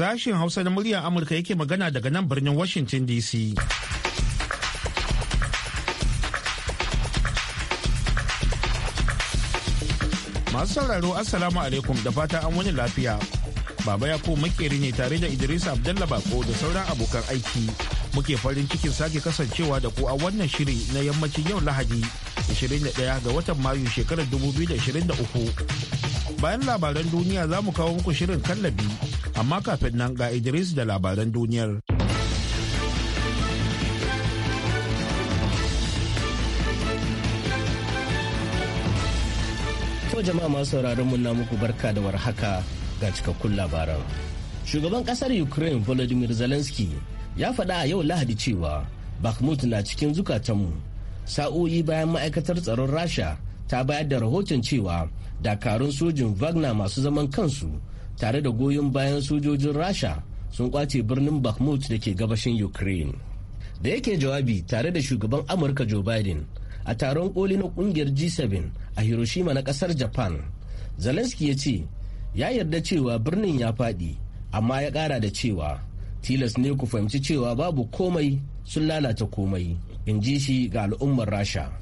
Sashen Hausa na muryar Amurka yake magana daga nan birnin Washington DC. Masu sauraro Assalamu alaikum da fata an wani lafiya. Baba ko makeri ne tare da Idris Abdalla Bako da sauran abokan aiki. Muke farin cikin sake kasancewa da ku a wannan shiri na yammacin yau Lahadi 21 ga watan Mayu shekarar 2023. Bayan labaran duniya za mu kawo muku shirin kallabi amma kafin nan ga Idris da labaran duniyar. To jama'a masu sauraron mun na muku barka da warhaka ga cikakkun labaran. Shugaban kasar Ukraine Volodymyr Zelensky ya faɗa a yau Lahadi cewa Bakhmut na cikin zukatanmu. Sa'o'i bayan ma'aikatar tsaron Rasha ta bayar da rahoton cewa dakarun sojin Wagner masu zaman kansu tare da goyon bayan sojojin rasha sun kwace birnin bakhmut da ke gabashin ukraine da yake jawabi tare da shugaban amurka joe biden a taron koli na kungiyar g7 a hiroshima na kasar japan zelensky ya ce ya yarda cewa birnin ya faɗi amma ya ƙara da cewa tilas ne ku fahimci cewa babu komai sun lalata komai in ji shi ga al'ummar rasha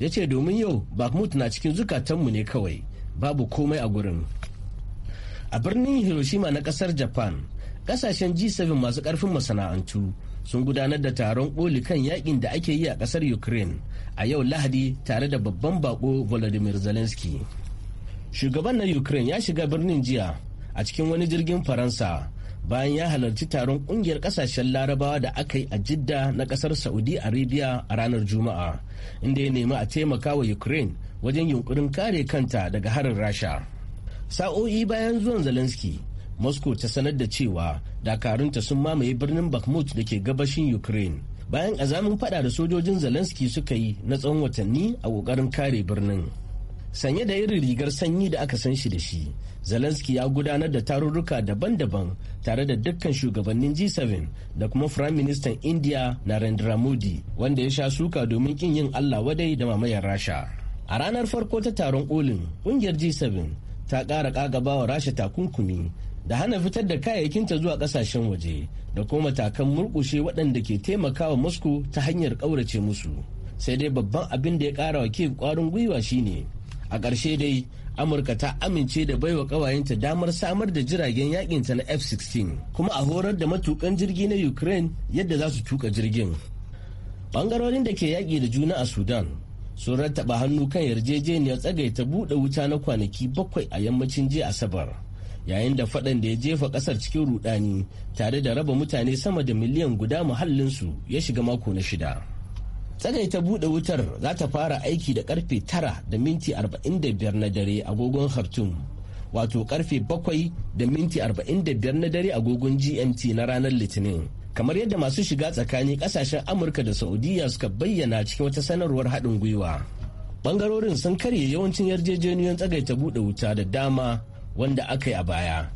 ya ce domin yau bakhmut na cikin zukatanmu ne kawai babu komai a gurin a birnin hiroshima na kasar japan kasashen g7 masu karfin masana'antu sun gudanar da taron koli kan yakin da ake yi a kasar ukraine a yau lahadi tare da babban bako volodymyr zelensky shugaban na ukraine ya shiga birnin jiya a cikin wani jirgin faransa bayan ya halarci taron kungiyar kasashen larabawa da aka yi a jidda na kasar saudi arabia a ranar juma'a inda ya nemi a taimaka wa ukraine wajen yunkurin kare kanta daga harin rasha sa'o'i bayan zuwan zelensky moscow ta sanar da cewa dakarunta sun mamaye birnin bakhmut da ke gabashin ukraine bayan azamin fada da sojojin zelensky suka yi na tsawon watanni a kokarin kare birnin sanye da irin rigar sanyi da aka san shi da shi zelensky ya gudanar da tarurruka daban-daban tare da dukkan shugabannin g7 da kuma prime minister india narendra modi wanda ya sha suka domin kin yin allah wadai da mamayar rasha a ranar farko ta taron kolin kungiyar g7 ta ƙara ƙagaba wa rasha takunkumi da hana fitar da kayayyakinta zuwa ƙasashen waje da kuma matakan murƙushe waɗanda ke taimakawa moscow ta hanyar ƙaurace musu sai dai babban abin da ya ƙara wa kiev ƙwarin gwiwa shine a ƙarshe dai amurka ta amince da baiwa ƙawayenta damar samar da jiragen yakinta na f-16 kuma a horar da matukan jirgi na ukraine yadda za su tuka jirgin bangarorin da ke yaƙi da juna a sudan sun rattaba hannu kan yarjejeniyar tsagaita buɗe wuta na kwanaki bakwai a yammacin jiya asabar yayin da faɗan da ya jefa ƙasar cikin rudani tare da raba mutane sama da miliyan guda muhallinsu ya shiga mako na shida tsagaita buɗe wutar za ta fara aiki da karfe tara da minti arba'in da biyar na dare agogon khartoum wato ƙarfe bakwai da minti arba'in da biyar na dare agogon gmt na ranar litinin kamar yadda masu shiga tsakani kasashen amurka da saudiya suka bayyana cikin wata sanarwar haɗin gwiwa bangarorin sun karye yawancin yarjejeniyoyin tsagaita buɗe wuta da dama wanda aka yi a baya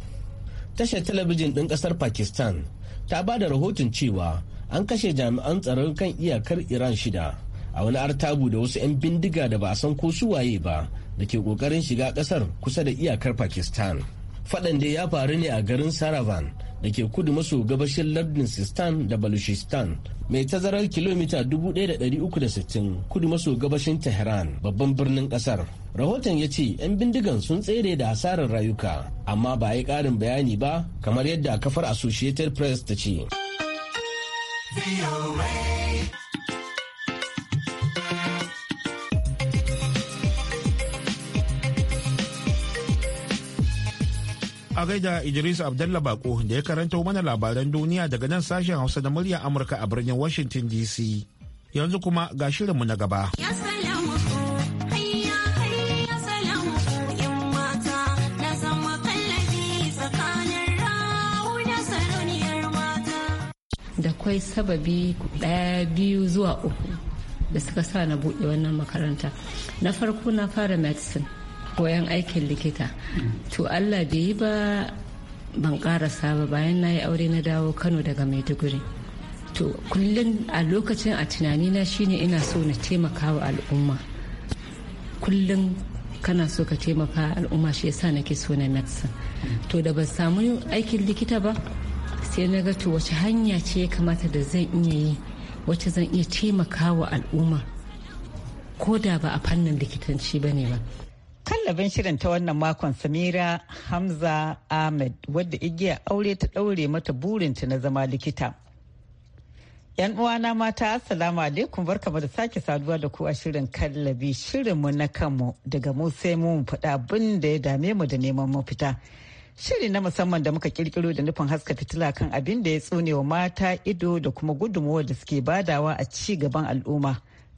tashar talabijin ɗin ƙasar pakistan ta ba da rahoton cewa an kashe jami'an tsaron kan iyakar iran shida a wani artabu da wasu 'yan bindiga da ba a san ko su waye ba da ke ƙoƙarin shiga ƙasar kusa da iyakar pakistan faɗan da ya faru ne a garin saravan da ke kudu maso gabashin lardin sistan da balushistan mai tazarar kilomita 1360 kudu maso gabashin tehran babban birnin kasar rahoton ya ce 'yan bindigan sun tsere da hasarar rayuka amma ba yi karin bayani ba kamar yadda kafar associated press ta ce A gaida Idris Abdallah Bako da ya karanta mana labaran duniya daga nan sashen Hausa da murya Amurka a birnin Washington DC. Yanzu kuma ga shirinmu na gaba. Da kwai sababi ɗaya biyu zuwa uku da suka sa na buɗe wannan makaranta. Na farko na fara medicine. koyan aikin likita to allah bai yi ba ban karasa ba bayan na yi aure na dawo kano daga maiduguri to kullum a lokacin a tunanina shine ina so na taimaka wa al'umma kullum kana so ka taimaka al'umma shi na nake so na medicine to da ban samu aikin likita ba sai na ga to wace hanya ce ya kamata da zan iya yi wacce zan iya taimaka wa al'umma ko da ba a fannin likitanci ba ne ba Kallabin shirin ta wannan makon Samira Hamza Ahmed wadda igiya aure ta ɗaure mata burinta na zama likita. ‘Yan uwana mata, Assalamu alaikum barkama da sake saduwa da ku a shirin kallabi shirinmu na kanmu daga mu sai mu faɗa abin da ya dame mu da neman mafita. Shiri na musamman da muka kirkiro da nufin haska fitila kan abin da ya tsone wa mata ido da kuma gudunmuwa da suke badawa a ci gaban al'umma.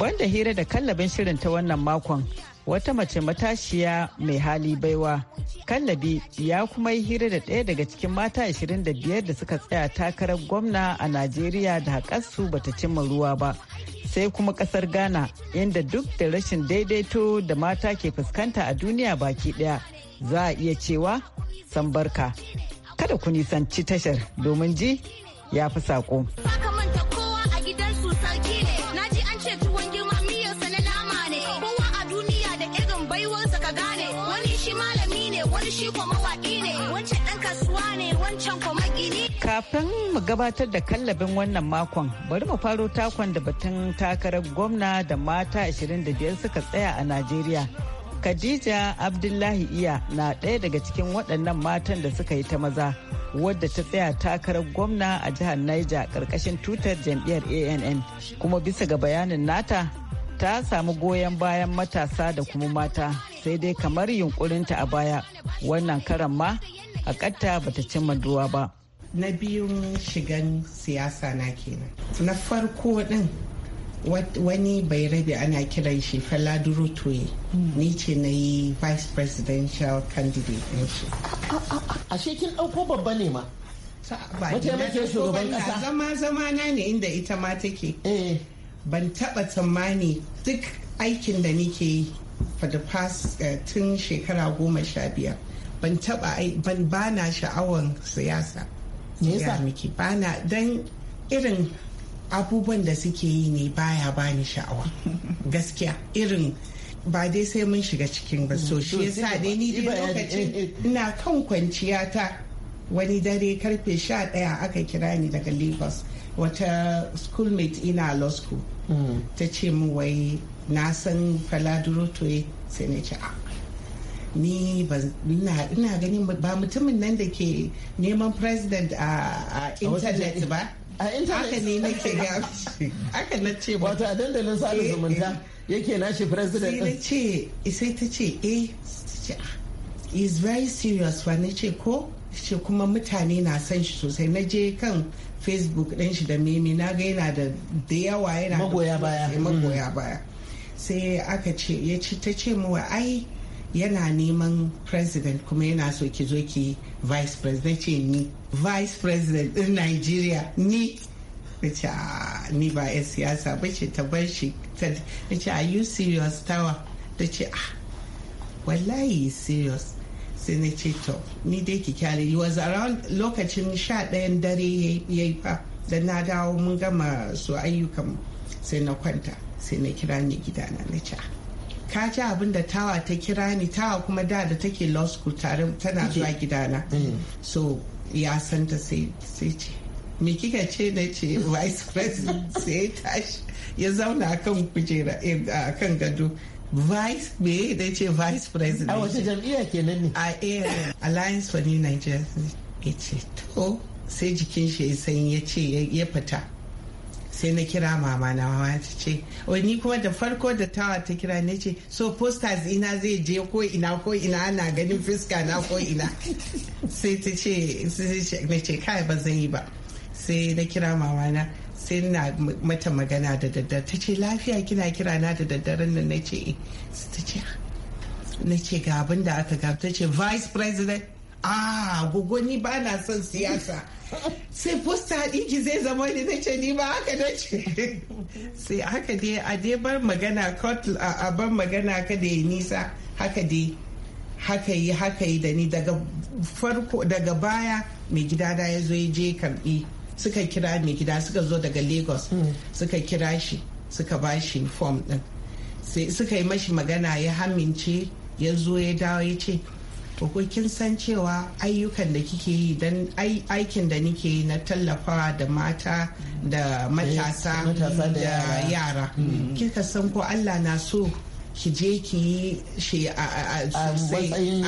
Banda hira da kallabin shirin ta wannan makon wata mace matashiya mai hali baiwa. Kallabi ya kuma yi hira da ɗaya daga cikin mata 25 da suka tsaya takarar gwamna a Najeriya da haƙarsu bata cimma ruwa ba. Sai kuma ƙasar Ghana inda duk da rashin daidaito da mata ke fuskanta a duniya baki ɗaya za a iya cewa san barka. Kada ku nisanci tashar domin ji ya fi saƙo. Kafin mu gabatar da kallabin wannan makon, bari mu faro takon da batun takarar gwamna da mata 25 suka tsaya a Najeriya. Khadija Abdullahi Iya na ɗaya daga cikin waɗannan matan da suka yi ta maza, wadda ta tsaya takarar gwamna a jihar Niger ƙarƙashin tutar jam'iyyar ANN. Kuma bisa ga bayanin nata, ta samu goyon bayan matasa da kuma mata, sai dai kamar yunkurinta a baya, wannan karan ma, a bata cimma duwa ba. na biyun shigan siyasa na kenan na farko din wani bai rabe ana kiran shi faladuro toye ni ce na yi vice presidential candidate ne shi a shekin ɗauko babba ne ma mataimakin shugaban kasa zama zama na ne inda ita ma take eh. ban taba tsammani duk aikin da nike yi for the past eh, tun shekara goma sha biyar ban taba ban bana sha'awan siyasa me yasa miki bana dan irin abubuwan da suke yi ne baya bani sha'awa gaskiya irin ba dai sai mun shiga cikin ba so shi yasa dai ni dai lokacin eh, eh. ina kan kwanciya ta wani dare karfe sha ɗaya aka kira ni daga lagos wata schoolmate ina law school hmm. ta ce mu wai na san faladuro toye sai na ce a ah, ni ina ganin ba mutumin nan da ke neman president a intanet ba a intanet Aka ne nake ga haka na ce wato a dandalin sada eh, zumunta eh. yake nashi president sai ce sai ta ce eh is ah, very serious Ba na ce ko ce kuma mutane na san shi sosai na je kan facebook ɗin shi da meme na ga yana da da yawa yana magoya baya magoya mm. baya sai aka ce ya ce ta ce mu ai yana neman president kuma yana so ki zo ki vice president ce ni vice president din nigeria ni ce ah, ni ba 'yan siyasa ba ce ta bar shi ta ce are you serious tawa ta ce ah wallahi serious sai na ce to ni dai ki kyale yi was around lokacin sha ɗayan dare ya yi fa da na dawo mun gama su ayyukan sai na kwanta sai na kira ni gidana na ce ah ka ji abin da tawa ta kira ni tawa kuma da da take law school tare tana zuwa gidana mm. so ya san ta sai ce me kika ce na ce vice president sai tashi ya zauna akan kujera eh, akan gado vice me da ce vice president a wata jam'iyya kenan ne a air eh, alliance for new nigeria ya ce to sai jikin shi ya sanyi ya ce ya fita sai na kira mama na mama ta ce oh, ni kuma da farko da tawa ta kira ne ce so posters ina zai je ko ina ko ina ana ganin fiska na ko ina sai ta ce na ce kai ba zai yi ba sai na kira mama na sai na mata magana da daddare ta ce lafiya kina kira na da daddaren nan na ce eh. ta ce na ce ga abin da aka gabta ce vice president ah gugu ni ba na son siyasa sai fusta ɗiki zai zama ne na ce ni ba haka da ce sai haka dai a dai bar magana a bar magana ka da ya nisa haka dai haka yi haka yi da ni daga farko daga baya mai gida da ya zo ya je karbi suka kira mai gida suka zo daga lagos hmm. suka kira shi suka ba shi form din sai suka yi mashi magana ya hamince ya zo ya dawo ya ce ko kin san cewa ayyukan da kike yi dan aikin da nike na tallafawa da mata da matasa da yara mm. kika san ko Allah na so ki je ki yi shi a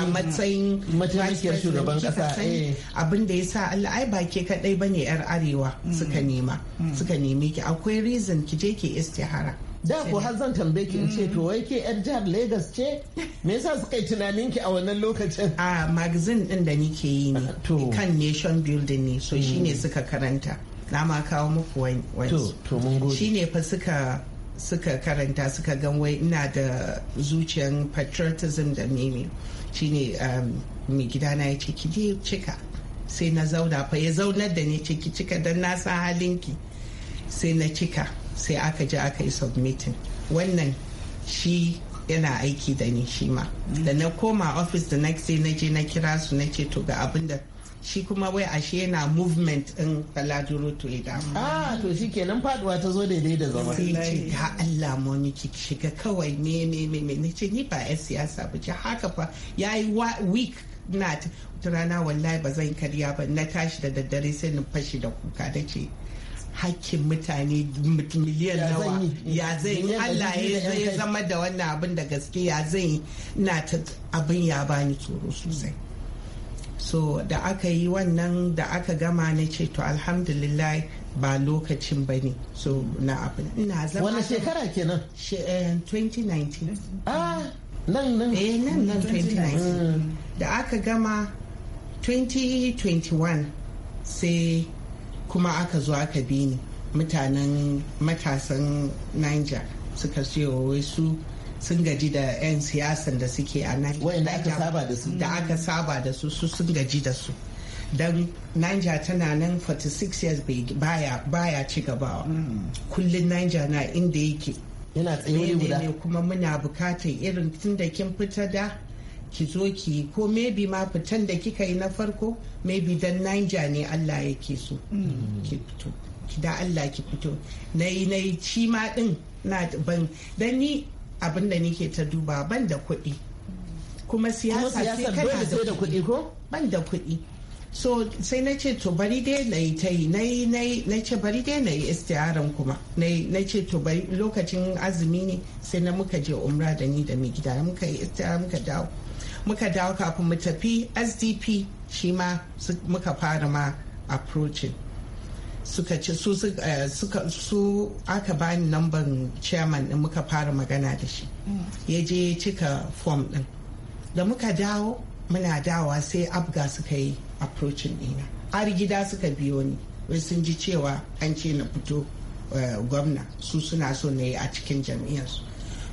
matsayin mataimakiyar shugaban kasa eh. abin da ya sa Allah ai ba ke kadai ne yar arewa mm. suka nema mm. suka nemi ki akwai reason ki je ki istihara da ko har zan tambaye ki in ce mm. to wai ke yar jihar Lagos ce me yasa suka yi tunanin ki a wannan lokacin a magazine din da nike yi ne To. kan nation building ne so shine mm. suka karanta na ma kawo muku wani to to mun gode shine fa suka suka karanta suka gan wai ina da zuciyar patriotism da meme shine um, mai na ya ce ki je cika sai na zauna fa ya zaunar da ni ciki cika don na san halinki sai na cika sai aka je aka yi submitting wannan shi yana aiki da ni shi ma da na koma office the next day na je na kira su na ce to ga abin da shi kuma wai ashe yana movement in baladuro to damu Ah to shi kenan faduwa ta zo daidai da zama. Sai ce ya Allah moni ki shiga kawai me me me me ni ce ni ba yan siyasa ba ce haka fa yayi week na rana wallahi ba zan karya ba na tashi da daddare sai na fashi da kuka da ce hakkin mutane miliyan nawa ya zai Allah ya zama da wannan abin da gaske ya zai na ta abin ya bani tsoro sosai so da aka yi wannan da aka gama na ce to alhamdulillah ba lokacin ba ne so na abin ina zama wani shekara kenan 2019 eh, ah nan nan eh nan nan 2019 mm. da aka gama 2021 sai kuma aka zo aka bi ni mutanen matasan niger suka wai su sun gaji da 'yan siyasan da suke a niger da aka saba da su su sun gaji da su don niger tana nan 46 years baya baya ci gabawa mm. kullum niger na inda yake yana tsaye guda kuma muna bukatar irin tun da kin fita da ki zo ki yi ko maybe ma fitan da kika yi na farko maybe dan naija ne allah yake so mm. ki fito da allah ki fito na yi na yi ci ma din na ban dan ni abin da nike ta duba ban da kuɗi kuma siyasa sai kana da kuɗi ko ban da kuɗi so sai na ce to bari dai na yi ta yi na ce bari dai na yi istiyaran kuma na ce to bari lokacin azumi ne sai na muka je umra da ni da mai gida muka yi istiyara muka dawo muka dawo kafin mu tafi sdp shi ma muka fara ma approaching suka ce eh, su aka bani namban chairman din muka fara magana da shi mm. ya je ya cika form din da muka dawo muna dawa sai abga suka yi approaching dina har gida suka biyo ni wai sun ji cewa an ce na fito eh, gwamna su suna so na yi a cikin jam'iyyarsu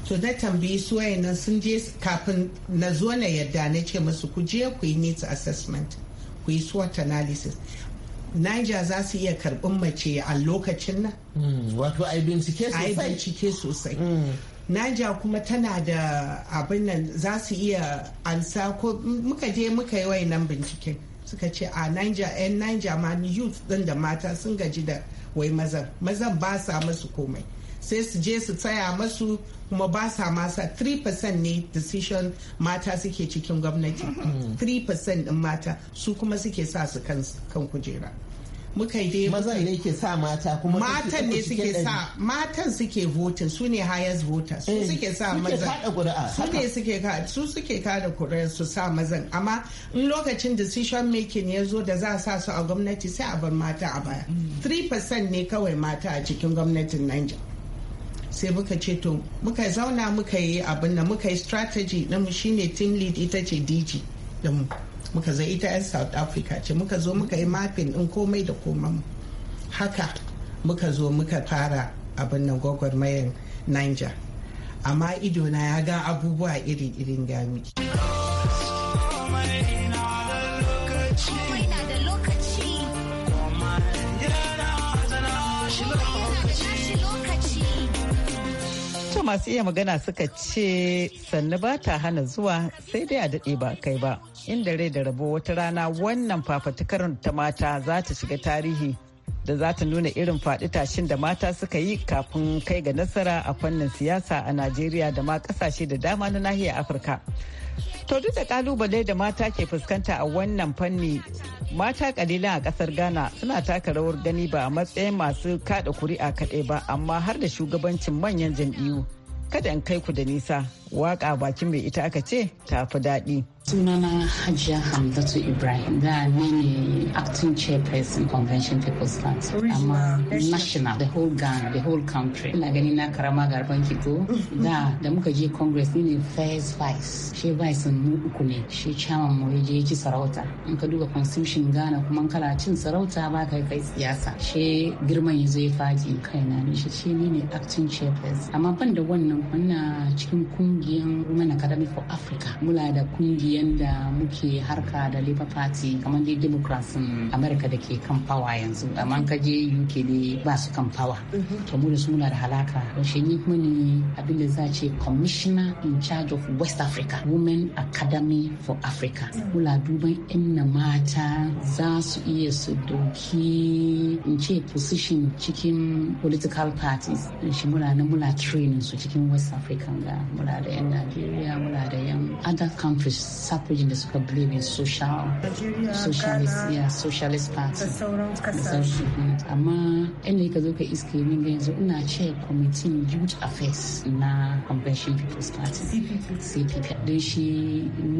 to na tambayi su wayannan sun je kafin na zo na yadda na ce musu ku je ku yi needs assessment ku yi SWOT analysis Niger za su iya karɓin mace a lokacin nan. Hmm, wato a bincike sosai. A bincike sosai. Naija kuma tana da abin nan za su iya ansa ko muka je muka yi wayannan binciken suka ce a Naija 'yan Naija ma youth ɗin da mata sun gaji da wai mazan mazan ba sa musu komai. sai su je su tsaya masu kuma ba sa masa 3% ne decision mata suke cikin gwamnati 3% din mata su kuma suke sa su kan kujera muka dai maza ne ke sa mata kuma matan ne suke sa matan suke votin su ne highest voters su eh, suke sa maza su ne suke ka su suke da kuri'a su sa mazan amma in lokacin decision making ya zo da za a sa su a gwamnati sai a bar mata a baya 3% mm. ne kawai mata a cikin gwamnatin Niger sai muka ce to muka zauna muka yi abin da muka yi strategy na mu shine team lead ita ce dg da mu muka zai ita yan south africa ce muka zo muka yi mapping din komai da koman haka muka zo muka fara abin nan gwagwarmayar niger amma idona ya ga abubuwa iri-irin gami. lokaci masu iya magana suka ce sannu ba ta hana zuwa sai dai a daɗe ba kai ba inda rai da rabo wata rana wannan fafatukar ta mata za ta shiga tarihi da za ta nuna irin faɗi tashin da mata suka yi kafin kai ga nasara a fannin siyasa a najeriya da ma ƙasashe da dama na nahiyar afirka to duk da kalubale da mata ke fuskanta a wannan fanni mata kalilan a kasar ghana suna taka rawar gani ba a matsayin masu kaɗa kuri'a kaɗai ba amma har da shugabancin manyan jam'iyyu kada in kai ku da nisa waka bakin mai ita aka ce ta fi daɗi. sunana hajiya hamdatu ibrahim da ni ne acting chairperson convention people's fund amma national the whole gang the whole country ina gani na karama garban kiko da da muka je congress ni ne first vice She vice mu uku ne shi chairman mu ya ci sarauta in ka duba constitution Ghana kuma kana cin sarauta ba kai kai siyasa She girman ya zo ya faji kaina ne shi shi ni ne acting chairperson amma ban da wannan muna cikin kungiyan women academy for africa mula da kungiyan. yadda muke harka da labour party kamar dai in america da ke kan power yanzu amma ka je uk ne ba su kan power mhm. to mu da su muna da halaka shi ni kuma abin da za ce commissioner in charge of west africa women academy for africa mm. mula duban inna mata za su iya su doki in ce position cikin political parties shi muna na mula training su cikin west africa ga mula da yan nigeria. other countries suffering the suka believe in social socialist yeah, socialist party amma inda ka zo ka iske min ga yanzu ina ce committee youth affairs in na convention people's party cpp don shi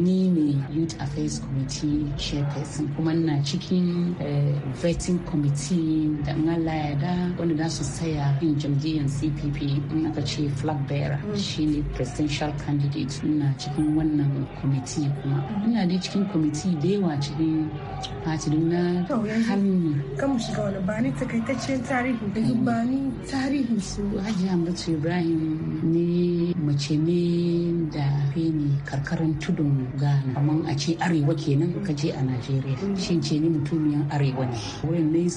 ni ne youth affairs committee chairperson kuma na chicken eh, vetting committee da ah, in Allah ya da wanda za su saya yin cpp in aka flag bearer mm. shine presidential candidate na chicken one. wannan kwamiti kuma ina dai cikin kwamiti da yawa cikin fatidun na hannu kan shiga wani ba ni takaitaccen tarihi da ba ni tarihi su hajji hamdatu ibrahim ne mace ne da ne karkarin tudun ghana amma a ce arewa kenan ka je a najeriya mm. shi ce ni mutumiyan arewa ne wurin na yi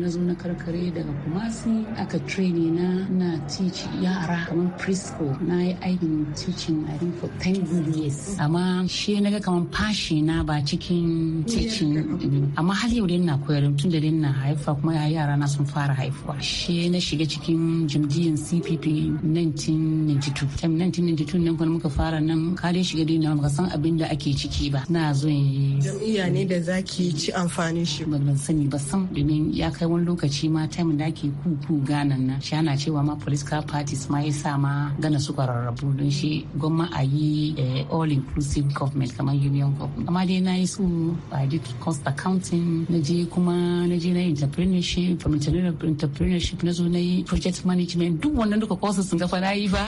na zo na karkare daga kumasi aka traini na na tici yara kamar prisco na yi aikin teaching i think for 10 years amma shi ya naga kamar fashi na ba cikin cikin amma hali yau dai na koyar tun da dai na haifa kuma y'a yara na sun fara haifuwa shi na shiga cikin jam'iyyar CPP 1992 1992 nan kuma muka fara nan ka shiga dai na muka san abin da ake ciki ba na zo yi jam'iyya ne da zaki ci amfanin shi ban sani ba san domin ya kai wani lokaci ma time da ake kuku ganan nan shi ana cewa ma car parties ma sa ma gana su kwararrabu don shi gwamma a yi eh, all inclusive government kamar union government amma dai na yi su i did cost accounting na je kuma na je na entrepreneurship from entrepreneurship na zo na yi project management duk wannan duka courses sun gafa na yi ba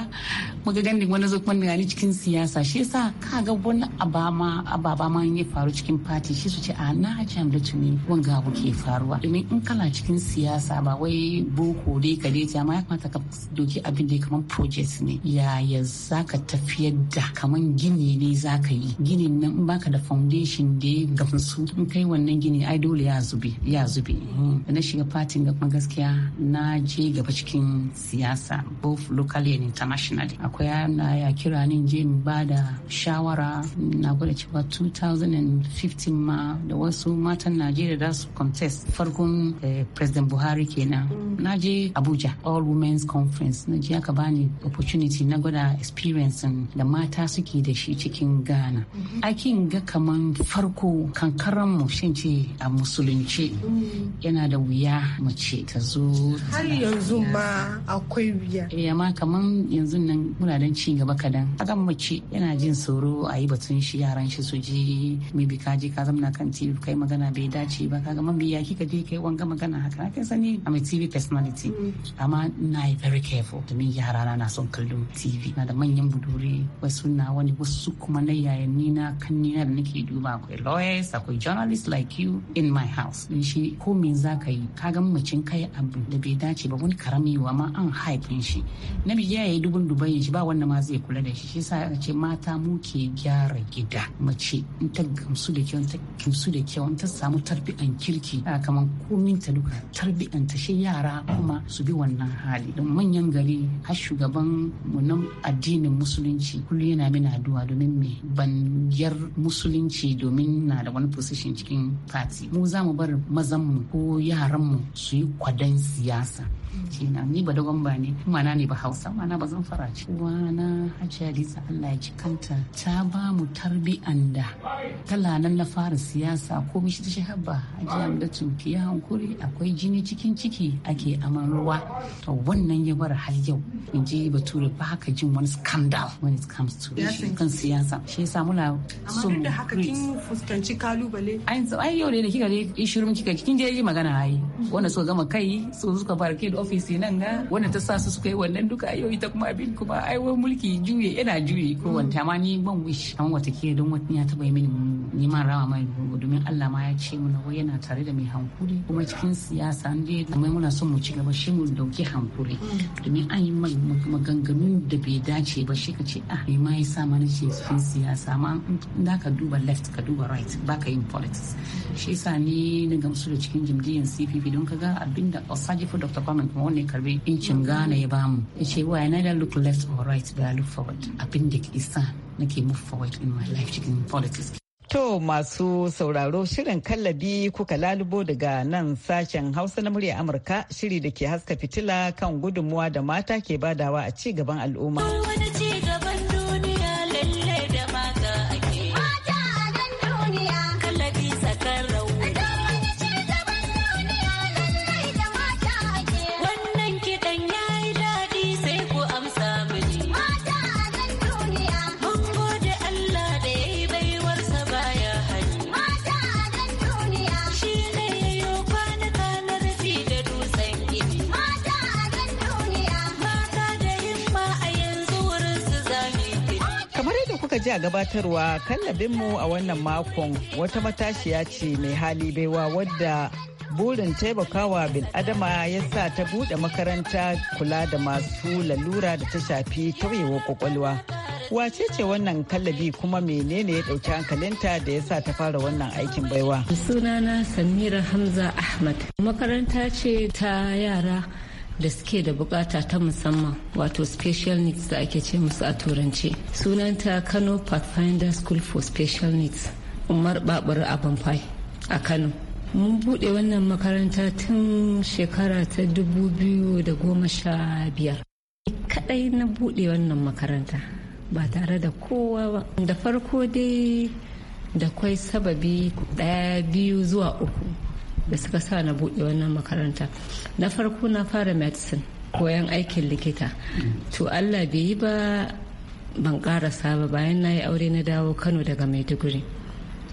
muka gandun wani zo kuma ni cikin siyasa shi yasa ka ga wani abama ababa ma ya faru cikin party shi su ce a na jam da tuni wanga abu ke faruwa domin in kana cikin siyasa ba wai boko dai ka dai amma ya kamata ka doki abin da kamar project ne ya ya zaka tafiyar da kamar gini gini za ka yi ginin nan baka da foundation da ya su in kai wannan gini ai dole ya zube ya zube mm. na shiga fatin ga kuma gaskiya na je gaba cikin siyasa both locally and internationally akwai yana ya kira ni je mu ba da shawara na gwada cewa 2015 ma da wasu matan najeriya da su contest farkon eh, president buhari kenan mm. na je abuja all women's conference na je aka bani opportunity na gwada experience da mata suke da shi cikin ghana mhm. akin ga kaman farko kankaran mu shin ce a musulunci mm. yana da wuya mace ta zo har yanzu ma akwai wuya eh amma kaman yanzu nan muna dan ci gaba kadan akan mace yana jin tsoro a yi batun shi yaran shi su ji mai ka je ka zamna kan tv kai magana bai dace ba kaga ki kika je kai wanga magana haka kai sani a mai tv personality mm. amma na yi very careful domin yara na son kallon tv na da manyan buduri wasu na wani wasu su kuma na yayanni na kannina da nake duba akwai lawyers akwai journalists like you in my house in shi ko me za ka yi ka ga ka kai abu da bai dace ba wani karami wa ma an haifin shi na biya yayi dubun dubayin shi ba wanda ma zai kula da shi shi sa ce mata mu ke gyara gida mace in ta gamsu da kyau ta gamsu da kyau ta samu tarbiyan kirki a kamar komin ta duka tarbiyan ta shi yara kuma su bi wannan hali don manyan gari har shugaban mu na addinin musulunci kullum yana mina addu'a domin me ban yar musulunci domin na da wani position cikin party mu za mu bar mazanmu ko yaranmu su yi kwadon siyasa kenan ni ba dogon ba ne mana ne ba hausa mana ba zan fara ci. wana hajiya lisa allah ya ci kanta ta ba mu tarbiyan da tala nan na fara siyasa ko mishi ta shahaba hajiya mu da ya hankuri akwai jini cikin ciki ake aman ruwa to wannan ya bar har yau in ji bature ba ka jin wani scandal when it comes to kan siyasa shi samu la so mu haka kin fuskanci kalubale ai yau ne da kika dai shirin kika kin je yi magana ai wanda suka gama kai su suka fara kai da ofisi nan ga wanda ta sa su suka yi wannan duka ayo ita kuma abin kuma ai wai mulki juye yana juye ko wanta ma ni ban wish amma wata ke don wata ya taba yi mini ni ma rawa mai domin Allah ma ya ce na wai yana tare da mai hankuri kuma cikin siyasa an je muna son mu ci gaba shi mu dauki hankuri domin an yi maganganun da bai dace ba shi ka ce ah ma ya sa mana ce cikin siyasa ma da ka duba left ka duba right baka yin politics shi yasa ni na gamsu da cikin jimdiyan CPP don kaga abinda Osajifu Dr. Kwame kuma wanda ya karbi incin Ghana ya bamu ya ce why neither look left or right but I look forward abin da ke na nake move forward in my life cikin politics To masu sauraro shirin kallabi kuka lalubo daga nan sashen Hausa na murya Amurka shiri da ke haska fitila kan gudunmuwa da mata ke badawa a ci gaban al'umma. muka ji a gabatarwa kallabinmu a wannan makon wata matashiya ce mai hali baiwa wadda burin taimakawa adama ya sa ta bude makaranta kula da masu lalura da ta shafi tauyewar kwakwalwa. Wace ce wannan kallabi kuma menene ya ɗauki hankalinta da ya sa ta fara wannan aikin baiwa? Sunana Samira Hamza Ahmad. Makaranta ce ta yara da suke da bukata ta musamman wato special needs da ake ce musu a turance sunanta kano pathfinder school for special needs umar babur abunfai a kano mun bude wannan makaranta tun shekara ta goma sha 2015 kadai na bude wannan makaranta ba tare da kowa ba da farko dai da kwai sababi daya biyu zuwa uku da suka sa na buɗe wannan makaranta na farko na fara medicine koyan aikin likita to allah bai yi ba ban karasa ba bayan na yi aure na dawo kano daga maiduguri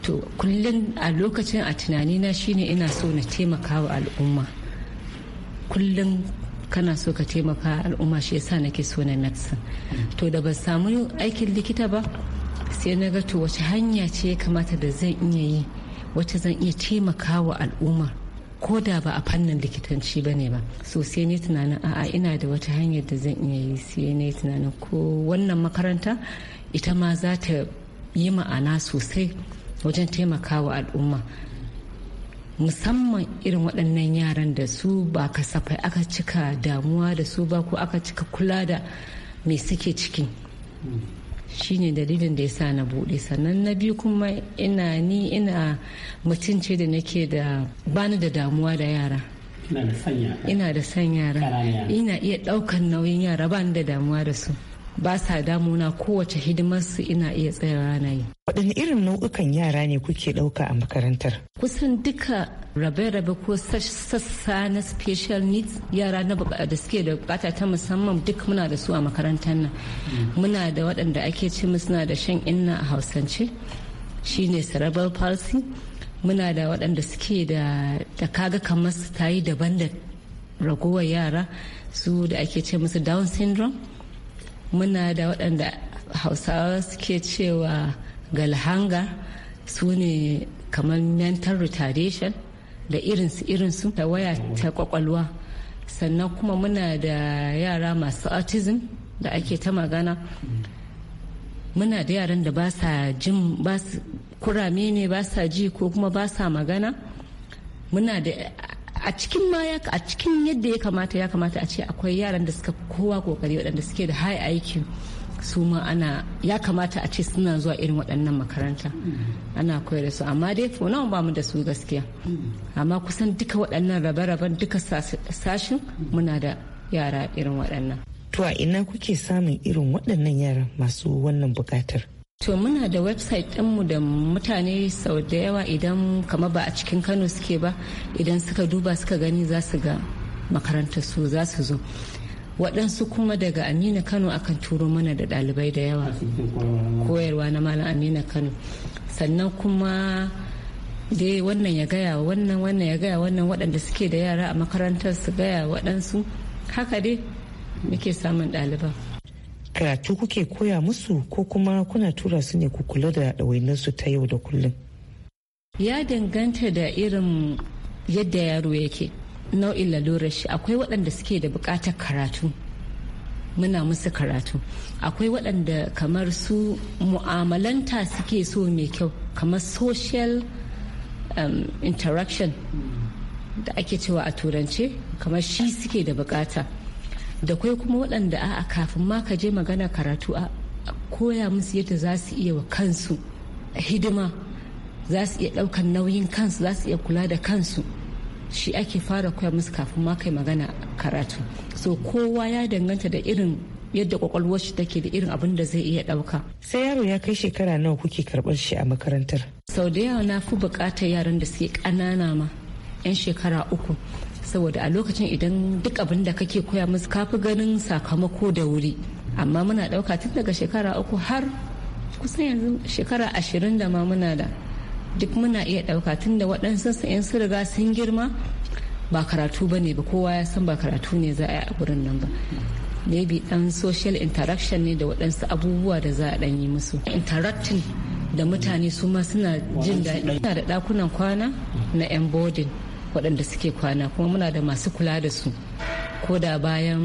to kullum a lokacin a tunanina shine ina so na taimaka wa al'umma kullum kana so ka taimaka al'umma shi yasa nake so na medicine to da ban samu aikin likita ba sai na ga to wace hanya ce ya kamata da zan iya yi wacce zan iya taimaka wa al'umma ko da ba a fannin likitanci ba ne ba so ne tunanin a'a ina da wata hanyar da zan iya yi sai ne tunanin ko wannan makaranta ita ma za ta yi ma'ana sosai wajen taimaka wa al'umma musamman irin waɗannan yaran da su ba kasafai aka cika damuwa da su ba ko aka cika kula da me suke ciki Shi ne dalilin da ya sa na buɗe sannan na biyu kuma ina ni ina mutum ce da nake da bani da damuwa da yara ina da san yara ina iya ɗaukan nauyin yara bani da damuwa da su ba sa damuna kowace su ina iya tsayawa na yi. Waɗanne irin nau'ukan yara ne kuke ɗauka a makarantar? Kusan duka rabe-rabe ko sassa na special needs yara na da suke da bukata ta musamman duk muna da su a makarantar nan. Muna da waɗanda ake ce suna da shan inna a hausance shine cerebral palsy. Muna da waɗanda suke da kaga kamar su tayi daban da ragowar yara su da ake ce musu down syndrome. muna da waɗanda hausawa suke cewa galhanga su ne kamar mental retardation da irinsu irinsu ta waya ta kwakwalwa sannan kuma muna da yara masu autism da ake ta magana muna da yaran da ba sa jin kurame ne ba sa ji ko kuma ba sa magana muna da a cikin ma ya a cikin yadda ya kamata ya kamata a ce akwai yaran da suka kowa kokari waɗanda suke da high aiki su ma ana ya kamata a ce suna zuwa irin waɗannan makaranta ana koyar da su amma dai nawa ba mu da su gaskiya amma kusan duka waɗannan rabe-raben duka sashin muna da yara irin waɗannan to a ina kuke samun irin waɗannan yara masu wannan buƙatar To muna da website ɗinmu da mutane sau da yawa idan kama ba a cikin Kano suke ba idan suka duba suka gani za su ga makarantar su za su zo. waɗansu kuma daga amina kano akan turo mana da ɗalibai da yawa koyarwa na malam amina kano sannan kuma dai wannan ya gaya wannan wannan ya gaya wannan waɗanda suke da yara a makarantar su gaya waɗansu haka dai muke samun ɗaliban karatu kuke koya musu ko kuma kuna tura su ne ku kula da su ta yau da kullum ya danganta da irin yadda yaro yake nau'in lalurar shi akwai waɗanda suke da buƙatar karatu muna musu karatu akwai waɗanda kamar su mu'amalanta suke so mai kyau kamar social um, interaction da ake cewa a turance kamar shi suke da buƙata. da kwai kuma waɗanda a kafin ma ka je magana karatu a koya musu yadda za su iya wa kansu hidima za su iya ɗaukan nauyin kansu za su iya kula da kansu shi ake fara koya musu kafin ma kai magana karatu so kowa ya danganta da irin yadda kwakwalwar shi take da irin abin da zai iya ɗauka. sai yaro ya kai shekara nawa kuke karɓar shi a makarantar sau da yawa na fi buƙatar yaran da suke ƙanana ma 'yan shekara uku saboda a lokacin idan duk abin da kake koya musu kafi ganin sakamako da wuri amma muna ɗauka tun daga shekara uku har kusan yanzu shekara ashirin da ma muna da duk muna iya ɗauka tun da waɗansu in su riga sun girma ba karatu ba ne ba kowa ya san ba karatu ne za a yi a gurin nan ba maybe ɗan social interaction ne da waɗansu abubuwa da za a ɗan yi musu interacting da mutane su ma suna jin daɗi da ɗakunan kwana na 'yan boarding waɗanda suke kwana kuma muna da masu kula da su ko da bayan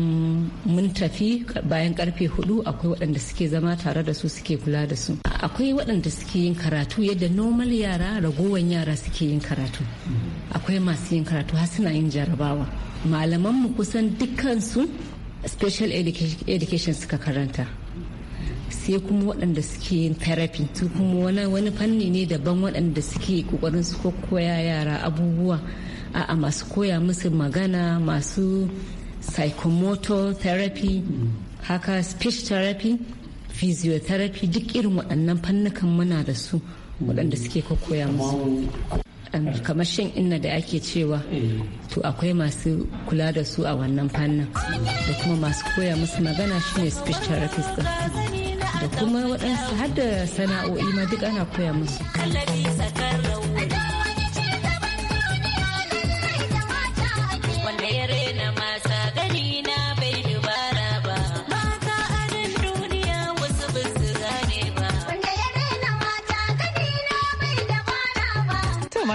mun tafi bayan karfe hudu akwai waɗanda suke zama tare da su suke kula da su akwai waɗanda suke yin karatu yadda normal yara ragowan yara suke yin karatu akwai masu yin karatu har suna yin jarabawa malamanmu kusan dukkansu special education suka karanta sai kuma waɗanda suke yin therapy su kuma wani fanni ne daban waɗanda suke kokarin su koya yara abubuwa a'a masu koya musu magana masu psychomotor therapy haka speech therapy physiotherapy duk irin waɗannan fannukan muna da su waɗanda suke koya musu kamar shan inna da ake cewa to akwai masu kula da su a wannan fannin da kuma masu koya musu magana shine speech therapist da kuma waɗansu hada sana'o'i ma duk ana koya musu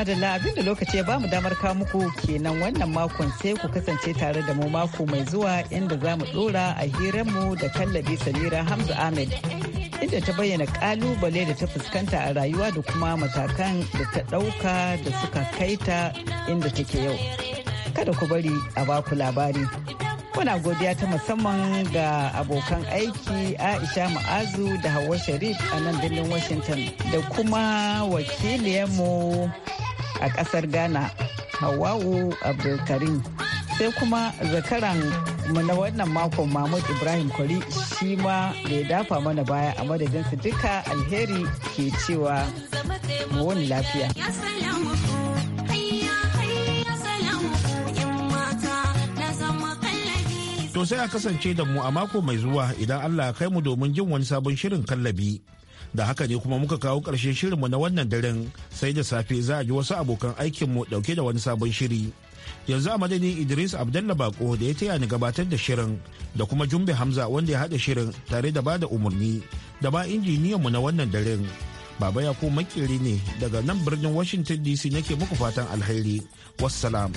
madalla da lokaci ya bamu damar ka muku kenan wannan makon sai ku kasance tare da mu mako mai zuwa inda za mu dora a hiranmu da kallabi samira hamza ahmed inda ta bayyana kalubale da ta fuskanta a rayuwa da kuma matakan da ta ɗauka da suka kaita inda take yau kada ku bari a baku labari Muna godiya ta musamman ga abokan aiki Aisha Ma'azu da Hauwa Sharif a nan birnin Washington da kuma wakiliyarmu a kasar ghana hawawu abdulkarim sai kuma zakaran mu na wannan makon mahmud ibrahim kwari shi ma da ya dafa mana baya a madadinsu duka alheri ke cewa mu lafiya To sai a kasance da mu a mako mai zuwa idan Allah ya kai mu domin jin wani sabon shirin kallabi. da haka ne kuma muka kawo ƙarshen shirinmu na wannan daren sai da safe za a ji wasu abokan aikinmu ɗauke da wani sabon shiri yanzu a madadin idris abdallah bako da ya taya ni gabatar da shirin da kuma jumbe hamza wanda ya haɗa shirin tare da bada umarni da ba injiniyanmu na wannan daren baba ya ko makeri ne daga nan birnin washington dc nake muku fatan alheri wassalam